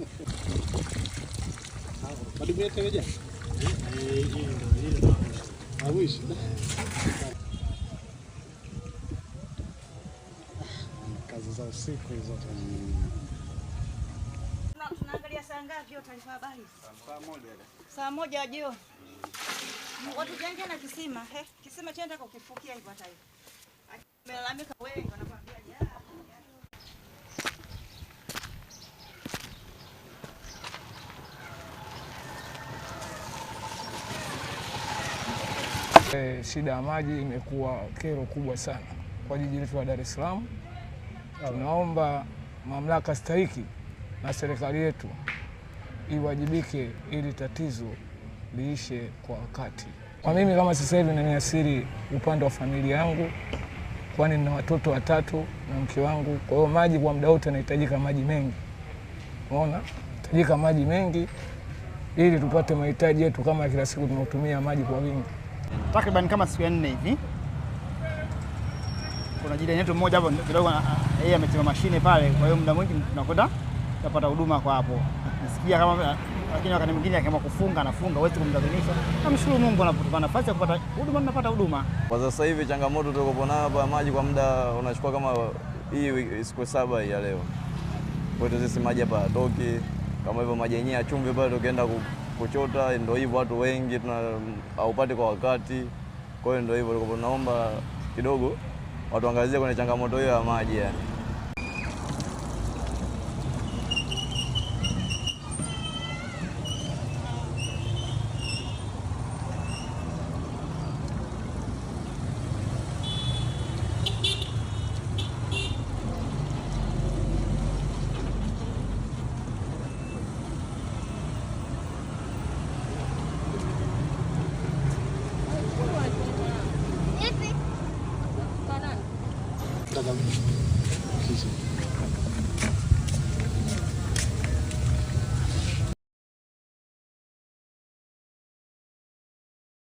kazi za usiku hizo. Tunaangalia saa ngapi hiyo taarifa habari? Saa moja jioni. Watu jenge na kisima, he. Eh, kisima chenda kukifukia hivyo hata hivyo. Melalamika wewe E, shida ya maji imekuwa kero kubwa sana kwa jiji letu la Dar es Salaam. Tunaomba mamlaka stahiki na serikali yetu iwajibike ili tatizo liishe kwa wakati. Kwa mimi kama sasa hivi inaniathiri upande wa familia yangu, kwani nina watoto watatu na mke wangu. Kwa hiyo maji kwa muda wote anahitajika maji mengi, unaona, nahitajika maji mengi ili tupate mahitaji yetu kama kila siku tunaotumia maji kwa wingi takriban kama siku ya nne hivi. Kuna jirani yetu mmoja hapo kidogo, yeye amechema mashine pale, kwa hiyo muda mwingi tunakwenda tunapata huduma kwa hapo. nasikia kama lakini wakati mwingine akiamua kufunga anafunga, huwezi kumdhalilisha. Namshukuru Mungu anapotupa nafasi ya kupata huduma tunapata huduma. Kwa sasa hivi changamoto tulikopo nayo hapa, maji kwa muda unachukua kama hii siku saba ya leo kwetu sisi, maji hapa toki kama hivyo, maji yenyewe ya chumvi pale tukienda kuchota, ndio hivyo, watu wengi tuna haupati kwa wakati. Kwa hiyo ndio hivyo, naomba kidogo watuangazie kwenye changamoto hiyo ya maji yani. 谢谢。